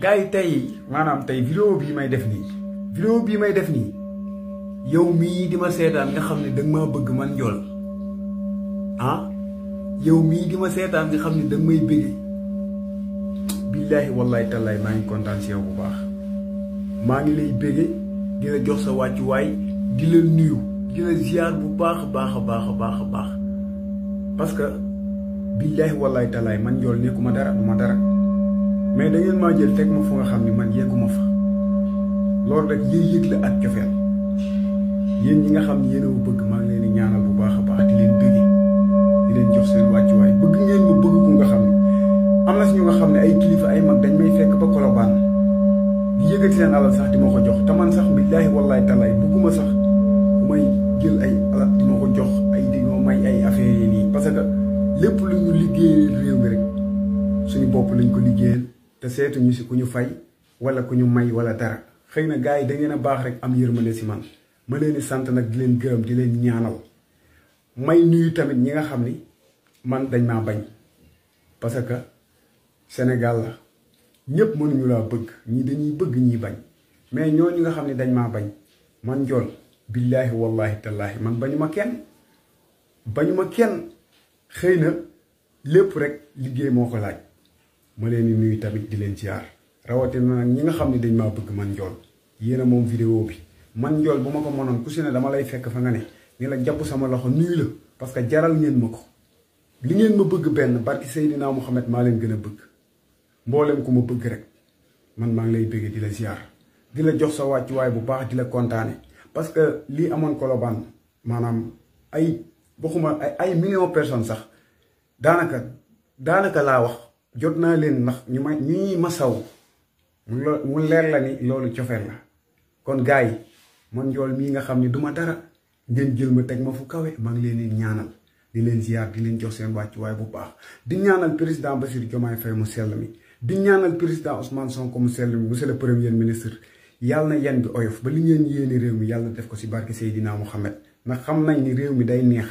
gars yi tey maanaam tey vidéo bii may def nii vidéo bii may def nii yow mii di ma seetaan nga xam ne danga nga bëgg man njool ah yow mii di ma seetaan nga xam ne da nga may bëgg billaahi wallaahi tallaay maa ngi kontaan si yow bu baax maa ngi lay bëgg di la jox sa wàccuwaay di la nuyu di la ziar bu baax a baax baax a baax a baax parce que billaahi wallaahi tallaay man njool nekkuma dara du ma dara mais da ngeen maa jël teg ma fu nga xam ne man yegguma fa loolu rek yëg-yëg la ak cofeel yéen ñi nga xam ne yéen a bëgg maa ngi leen di ñaanal bu baax a baax di leen bëgg di leen jox seen wàccuwaay bëgg ngeen ma bëgg ku nga xam ne am na si ñu nga xam ne ay kilifa ay man dañ may fekk ba kolobaan di yëgati seen alal sax di moo ko jox te man sax billaahi wallaahi ay bëgguma sax ku may jël ay alal di ma ko jox ay dañoo may ay affaire yi nii parce que lépp lu ñu liggéeyal suñu bopp lañ ko liggéeyal. te seetuñu si ku ñu fay wala ku ñu may wala dara xëy na gars yi da ngeen a baax rek am yërmande si man ma leen di sant nag di leen gërëm di leen ñaanal may nuyu tamit ñi nga xam ni man dañ maa bañ parce que Sénégal la ñëpp mënuñu laa bëgg ñii dañuy bëgg ñiy bañ mais ñoo ñi nga xam ne dañ maa bañ man njool billaahi wallaahi tallaahi man bañu ma kenn bañu ma kenn xëy na lépp rek liggéey moo ko laaj ma leen di nuyu tamit di leen ziar rawatina nag ñi nga xam ne dañ maa bëgg man njool yéen a moom vidéo bi man njool bu ma ko mënoon ku si ne dama lay fekk fa nga ne ni la jàpp sama loxo nuyu la parce que jaral ngeen ma ko li ngeen ma bëgg benn barki Seydina Muhammad maa leen gën a bëgg mboolem ku ma bëgg rek man maa ngi lay bëggee di la ziar di la jox sa wàccuwaay bu baax di la kontaane parce que lii amoon kolobaan maanaam ay waxuma ay million personnes sax daanaka daanaka laa wax. jot naa leen ndax ñu ma ñu ma saw mu leer la ni loolu cofeel la kon gaay yi man njool mii nga xam ni duma dara ngeen jël ma teg ma fu kawe maa ngi leen di ñaanal di leen ziar di leen jox seen wàccuwaay bu baax di ñaanal président Bassirou Diomaye Faye mu sell mi di ñaanal président Ousmane Sonko mu sell mi monsieur le premier ministre yàlla na yan bi oyof ba li ngeen yéene réew mi yàlla def ko si barke Seydina Mohamed ndax xam nañ ni réew mi day neex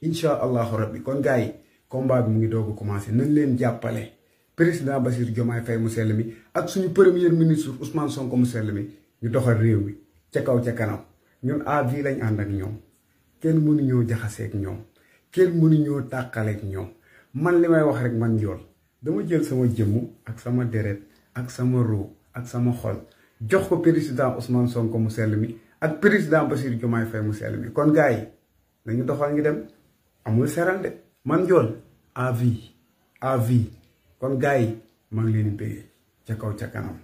incha allahu rabbi kon gars yi combat mu ngi doog a commencé nañ leen jàppale. président Bassirou Diomaye Faye mu sell mi ak suñu premier ministre Ousmane Sonko mu sell mi ñu doxal réew mi ca kaw ca kanam ñun à vie lañ ànd ak ñoom kenn mënuñoo jaxaseeg ñoom kenn mënuñoo tàqaleeg ñoom man li may wax rek man jool dama jël sama jëmm ak sama deret ak sama ruu ak sama xol jox ko président Ousmane Sonko mu sell mi ak président Bassirou Diomaye Faye mu sell mi kon gars yi nañu doxal ngi dem amul seral de man njool à vie kon gars yi maa ngi leen di ca kaw ca kanam.